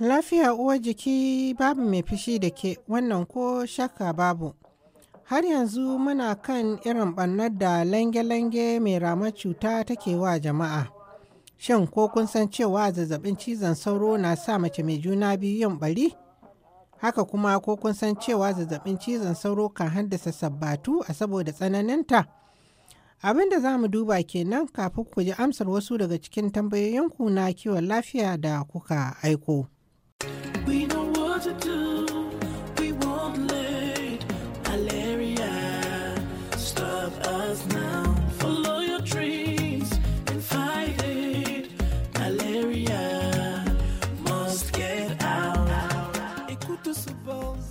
Lafiya uwar jiki babu mai fishi da ke wannan ko shakka babu. Har yanzu muna kan irin ɓarnar da lange-lange mai ramar cuta take wa jama'a. Shin ko kun san cewa zazzabin cizon sauro na sa mace mai juna biyu yin ɓari? Haka kuma ko kun san cewa zazzabin cizon sauro kan haddasa sabbatu a saboda tsananinta? Abin da za mu duba kenan kafin ku ji amsar wasu daga cikin tambayoyinku na kiwon lafiya da kuka aiko.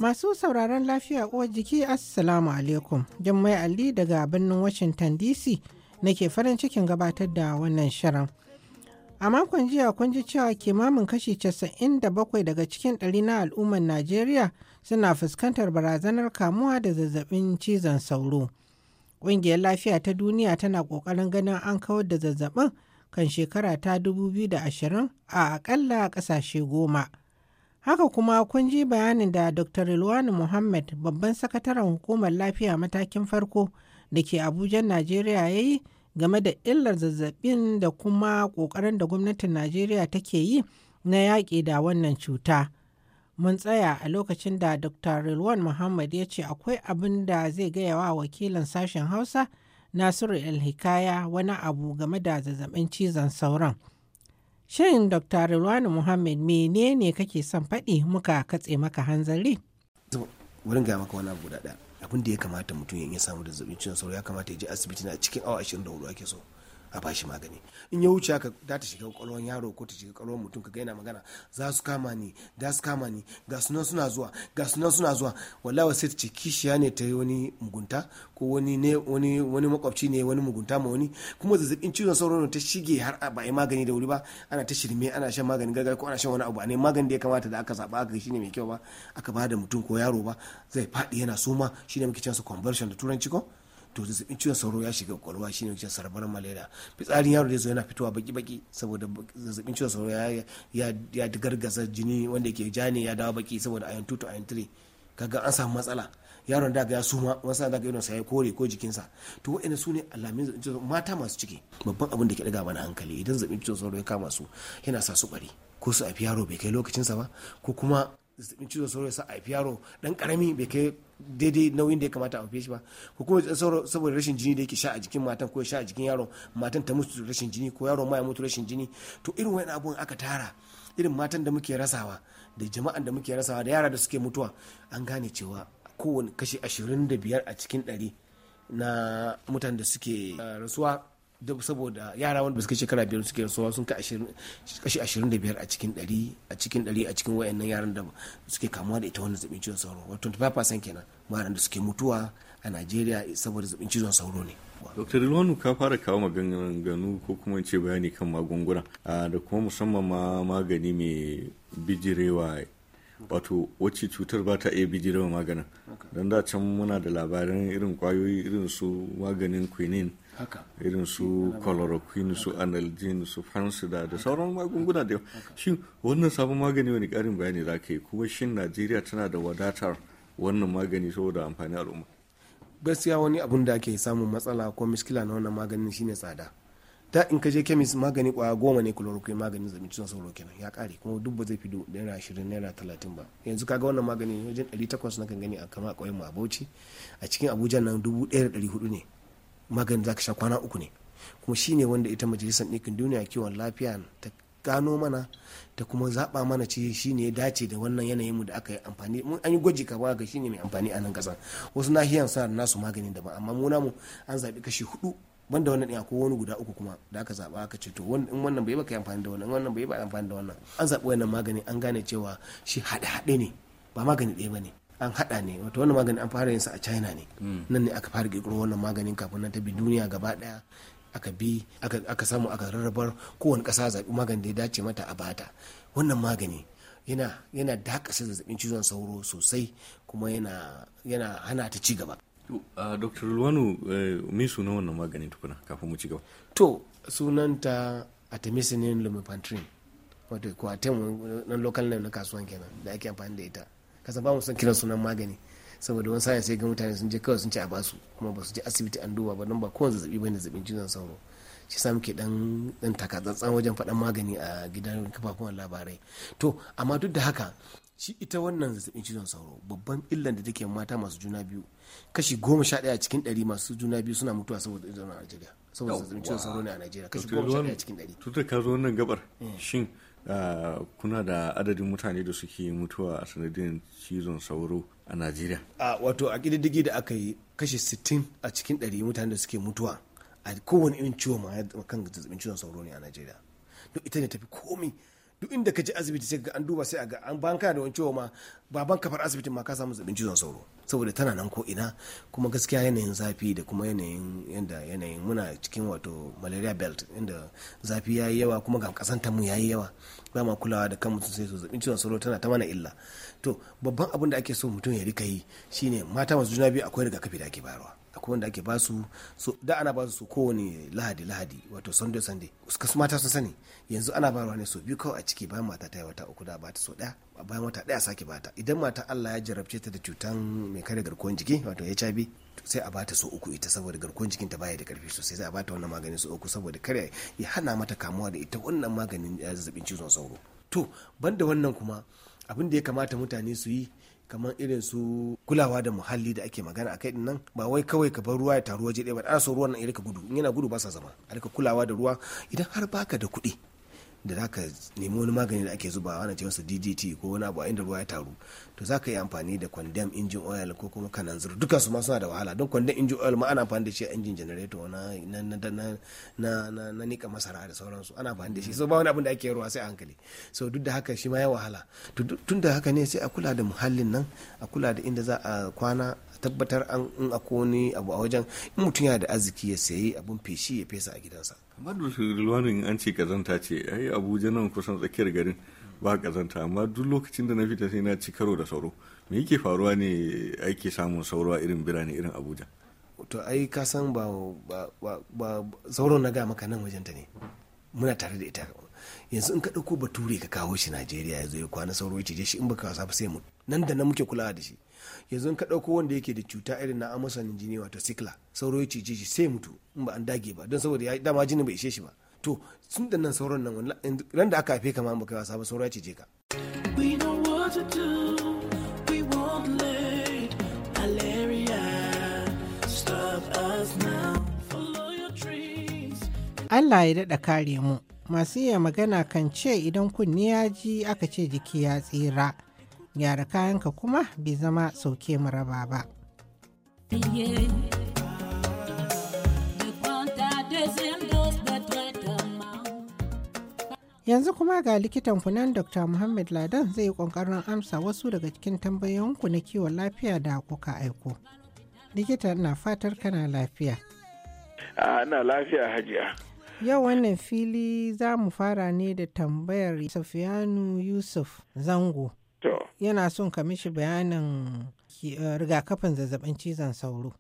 Masu sauraron lafiya uwar jiki Assalamu alaikum. Jummai Ali daga birnin Washington DC nake farin cikin gabatar da wannan shirin. A makon jiya kun ji cewa kimamin kashi 97 daga cikin ɗari na al'ummar Najeriya suna fuskantar barazanar kamuwa da zazzabin cizon sauro. Ƙungiyar lafiya ta duniya tana ƙoƙarin ganin an kawar da zazzabin kan shekara ta 2020 a aƙalla ƙasashe goma. Haka kuma kun ji bayanin da Dr. Ilwani Muhammad babban sakataren hukumar lafiya matakin farko da ke Abujan Najeriya ya yi game da illar zazzabin da kuma ƙoƙarin da gwamnatin Najeriya take yi na yaƙi da wannan cuta. Mun tsaya a lokacin da Dr. Rilwan Muhammad ya ce akwai abin da zai gaya wa wakilin sashen Hausa Nasiru El-Hikaya wani abu game da zazzabin cizon sauran. Shin Dr. Rilwani Muhammad menene kake son faɗi muka katse maka hanzari? Wurin gaya maka wani abu da abin da ya kamata mutum ya samu da zazzabin cizon sauro ya kamata ya je asibiti na cikin awa 24 ake so a bashi magani in ya wuce haka za ta shiga kwakwalwar yaro ko ta shiga kwakwalwar mutum kaga yana magana za su kama ni za su kama ni ga sunan suna zuwa ga sunan suna zuwa wallahi sai ta ce kishiya ne ta yi wani mugunta ko wani ne wani wani makwabci ne wani mugunta ma wani kuma zazzabin cizon sauro ne ta shige har a bai magani da wuri ba ana ta shirme ana shan magani gargajiya ko ana shan wani abu ne magani da ya kamata da aka zaba aka shine mai kyau ba aka bada mutum ko yaro ba zai faɗi yana suma shine muke cewa conversion da turanci ko to zazzabin cizon sauro ya shiga kwakwalwa shine ne sarbar malaria fitsarin yaro da zo yana fitowa baki-baki saboda zazzabin cizon sauro ya gargaza jini wanda ke ja ne ya dawo baki saboda ayon 2 to ayon 3 kaga an samu matsala yaron da ga ya suma wasu da ga yana sai kore ko jikinsa to waɗanda su ne alamin zazzabin cizon mata masu ciki babban abin da ke daga mana hankali idan zazzabin cizon sauro ya kama su yana sa su bari ko su a yaro bai kai lokacinsa ba ko kuma zazzabin cizon sauro ya sa a yaro dan karami bai kai daidai nauyin da ya kamata a shi ba ko kuma zazzabin sauro saboda rashin jini da yake sha a jikin matan ko ya sha a jikin yaron matan ta mutu rashin jini ko yaron ma ya mutu rashin jini to irin wani abun aka tara irin matan da muke rasawa da jama'an da muke rasawa da yara da suke mutuwa an gane cewa kowane kashi ashirin da biyar a cikin ɗari na mutan da suke eh, rasuwa saboda yara wanda suka shekara biyar suke rasuwa sun ka kashi ashirin da biyar a cikin ɗari a cikin ɗari a cikin wayannan yaran da suke kamuwa da ita wannan zaɓin cizon sauro wato 25% kenan maran da suke mutuwa a najeriya saboda zaɓin cizon sauro ne dr rilwanu ka fara kawo maganganu ko kuma ce bayani kan magunguna da kuma musamman ma magani mai bijirewa wato wacce cutar ba ta iya bijirewa maganin don da can muna da labaran irin kwayoyi irin su maganin quinine irin su chloroquine su analgin su fansida da sauran magunguna da yawa shin wannan sabon magani wani karin bayani za ka yi kuma shin najeriya tana da wadatar wannan magani saboda amfani al'umma gaskiya wani abun da ake samun matsala ko miskila na wannan maganin shine tsada da in ka je kemis magani kwaya goma ne chloroquine maganin zabi cikin sauro kenan ya kare kuma duk ba zai fi naira ashirin naira talatin ba yanzu kaga wannan magani wajen ɗari takwas na kan gani a kama a mu a bauchi a cikin abuja nan dubu ɗaya da ɗari hudu ne maganin zaka sha kwana uku ne kuma shine wanda ita majalisar ɗinkin duniya kiwon lafiya ta gano mana ta kuma zaɓa mana ce shi ne dace da wannan yanayin mu da aka yi amfani mun an yi gwaji ka ga shi ne mai amfani a nan kasa wasu nahiyan suna da nasu magani daban amma mu namu an zaɓi kashi hudu banda wannan ɗin akwai wani guda uku kuma da aka zaɓa aka ce to in wannan bai baka amfani da wannan wannan bai baka amfani da wannan an zaɓi wannan magani an gane cewa shi haɗe-haɗe ne ba magani ɗaya ba ne an hada ne wato wannan magani an fara yinsa a china ne hmm. nan ne aka fara kirkiro wannan maganin kafin nan ta bi duniya gaba daya aka bi aka samu aka rarrabar kowane kasa zaɓi magani da ya dace mata a bata wannan magani yana yana dakasa zazzabin cizon sauro sosai kuma yana yana hana ta ci gaba Uh, dr luwanu eh, me sunan wannan maganin tukuna kafin mu ci gaba to sunanta artemisinin lumefantrine wato ko atem nan local name na kasuwan kenan da ake amfani da ita kasa ba mu son kiran sunan magani saboda wani sa'in sai ga mutane sun je kawai sun ce a basu kuma ba su je asibiti an duba ba don ba kowane zazzabi bane zazzabin cizon sauro shi sa muke dan dan takatsantsan wajen faɗan magani a gidan kafafuwan labarai to amma duk da haka shi ita wannan zazzabin cizon sauro babban illan da take mata masu juna biyu kashi goma sha ɗaya cikin ɗari masu juna biyu suna mutuwa saboda idan a Najeriya saboda zazzabin cizon sauro ne a Najeriya kashi goma sha ɗaya cikin ɗari. Tuta ka zo wannan gabar eh. shin Eh, kuna da adadin mutane da suke mutuwa a sanadin cizon sauro a najeriya a wato a ƙididdigi da aka yi kashe 60 a cikin 100 mutane da suke mutuwa a kowane irin ciwo ma ya kan zazzabin cizon sauro ne a najeriya duk ita ne tafi komi duk inda ka je asibiti sai ga an duba sai a ga an banka da wani ciwo ma baban kafar asibitin ma ka samu zazzabin cizon sauro saboda tana nan ko ina kuma gaskiya yanayin zafi da kuma yanayin yanda yanayin muna cikin wato malaria belt inda zafi ya yi yawa kuma ga kasan mu ya yi yawa ba ma kulawa da kan mutum sai zazzabin cizon sauro tana ta mana illa to babban abin da ake so mutum ya rika yi shine mata masu juna biyu akwai rigakafi da ake bayarwa akwai wanda ake ba su so da ana ba su kowane lahadi lahadi wato sunday sunday suka su mata sun sani yanzu ana ba ne so biyu kawai a ciki bayan mata ta yi wata uku da ba ta so daya bayan wata daya sake bata idan mata Allah ya jarabce ta da cutan mai kare garkuwar jiki wato HIV sai a bata so uku ita saboda garkuwar jikin ta baya da karfi sosai sai a bata wannan maganin so uku saboda kare ya hana mata kamuwa da ita wannan maganin eh, zazzabin cizon sauro to banda wannan kuma abin da ya kamata mutane su yi kamar irin su kulawa da muhalli da ake magana a kai nan ba wai kawai ka bar ruwa ya taru waje ɗaya ba ana so ruwan nan ya rika gudu in yana gudu ba sa zama a rika kulawa da ruwa idan har baka da kuɗi da za ka nemi wani magani da ake zuba wani ce masa ddt ko wani abu a inda ruwa ya taru to za ka yi amfani da kwandam injin oil ko kuma kananzir duka su masu da wahala don kwandam injin oil ma ana amfani da shi a injin generator na nika masara da sauransu ana amfani da shi so ba wani abin da ake ruwa sai a hankali so duk da haka shi ma ya wahala tun da haka ne sai a kula da muhallin nan a kula da inda za a kwana tabbatar an in akwai wani abu a wajen in mutum yana da arziki ya sayi abun feshi ya fesa a gidansa amma da ruwanin an ce kazanta ce ai abuja nan kusan tsakiyar garin ba kazanta amma duk lokacin da na fita sai na ci karo da sauro me yake faruwa ne ake samun sauro a irin birane irin abuja to ai ka san ba ba sauro na ga maka nan wajenta ne muna tare da ita yanzu in ka dauko bature ka kawo shi najeriya ya zo ya kwana sauro ya ce shi in baka wasa ba sai mu nan da nan muke kulawa da shi yanzu ka ɗauko wanda yake da cuta irin na amusan jini wato sikla sauro ya cije shi sai mutu in ba an dage ba don saboda ya dama jini bai ishe shi ba to sun da nan sauron nan ran da aka haife ka ma baka wasa ba sauro ya cije ka Allah ya daɗa kare mu masu iya magana kan ce idan kunni ya ji aka ce jiki ya tsira gyara kayanka kuma bai zama sauke mu raba ba. Yanzu kuma ga likitan kunan Dr. Muhammad Ladan zai yi ƙoƙarin amsa wasu daga cikin tambayoyinku na kiwon lafiya da kuka aiko. Likita na fatar kana lafiya. Ana lafiya hajiya. Yau wannan fili za mu fara ne da tambayar Safiyanu Yusuf Zango. Yana son ka mishi bayanin eh, rigakafin zazzabin cizon sauro.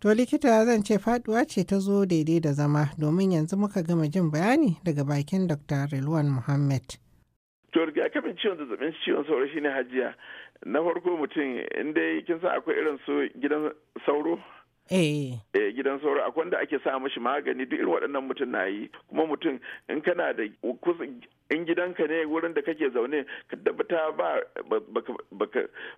To likita zan ce faduwa ce ta zo daidai da zama domin yanzu muka gama jin bayani daga bakin Dr. Rilwan Muhammad. To rigakafin ciwon zazzabin ciwon sauro shine hajiya. Na farko mutum inda kin san akwai irin su gidan sauro eh gidan sauro akwai wanda ake sa mashi magani duk irin waɗannan mutum na yi kuma mutum in kana da in gidanka ne wurin da kake zaune ka tabbata ba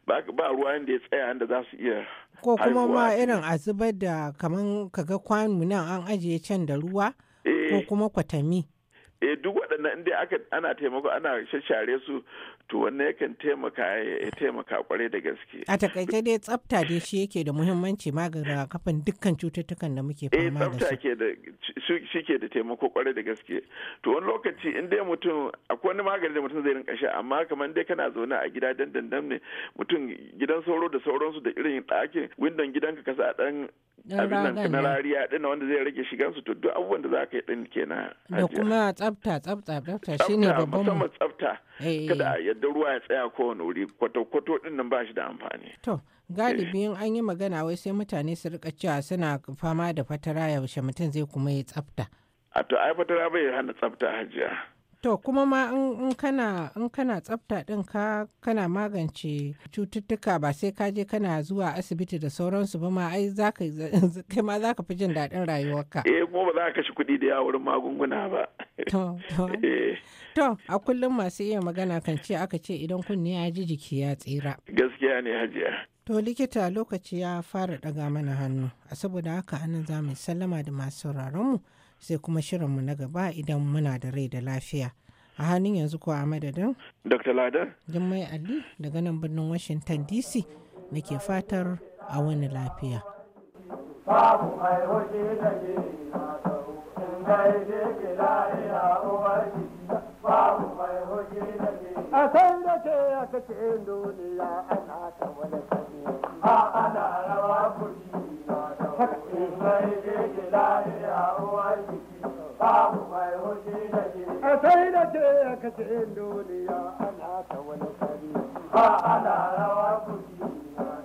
ba ruwa inda ya tsaya inda za su iya ko kuma ma irin a da kaman kaga kwanu nan an ajiye can da ruwa ko eh. kuma kwatami eh duk waɗannan inda aka ana taimako ana shashare su to wannan yakan taimaka ya taimaka kwarai da gaske a takaice dai tsafta dai shi yake da muhimmanci magana kafin dukkan cututtukan da muke eh, fama da su eh ke da shi ke da taimako kwarai da gaske to wani lokaci in dai mutum akwai wani magani da mutum zai rinka sha amma kamar dai kana zaune a gida dandan ne mutum gidan sauro da sauransu da irin ɗakin windon gidanka kasa a dan abin nan na rariya din wanda zai rage shigan su to duk abubuwan da zaka yi din kenan da kuma tsafta tsafta tsafta shine babban musamman tsafta eh, kada eh. yadda ruwa ya tsaya ko wani wuri kwato kwato din nan ba shi da amfani to galibin eh. an yi magana wai sai mutane su rika cewa suna fama da fatara yaushe mutum zai kuma yi tsafta a to ai fatara bai hana tsafta hajiya To kuma ma in kana tsafta din ka kana magance cututtuka ba sai ka je kana zuwa asibiti da sauransu ba ma ai kai ma zaka fi jin daɗin rayuwarka. Eh mu ba za ka shi kuɗi da yawurin magunguna ba. To eh. to. a kullum masu iya magana kan ce aka ce idan kunni ya ji jiki ya tsira. Gaskiya ne hajiya. To likita lokaci ya fara ɗaga mana hannu, a saboda haka anan za mu sallama da masu sauraronmu. mu. sai kuma shirinmu na gaba idan muna da rai da lafiya. A hannun yanzu ko a madadin? Dr. Lada. Jummai Ali daga nan birnin Washington DC ke fatar a wani lafiya. Babu mai hoji da ke a sai da ke a kace duniya ana ta wani kare a ana rawa kuri na da wani mai ke lafiya uwar jiki babu mai hoji da ke a sai da ke a kace duniya ana ta wani kare a ana rawa kuri na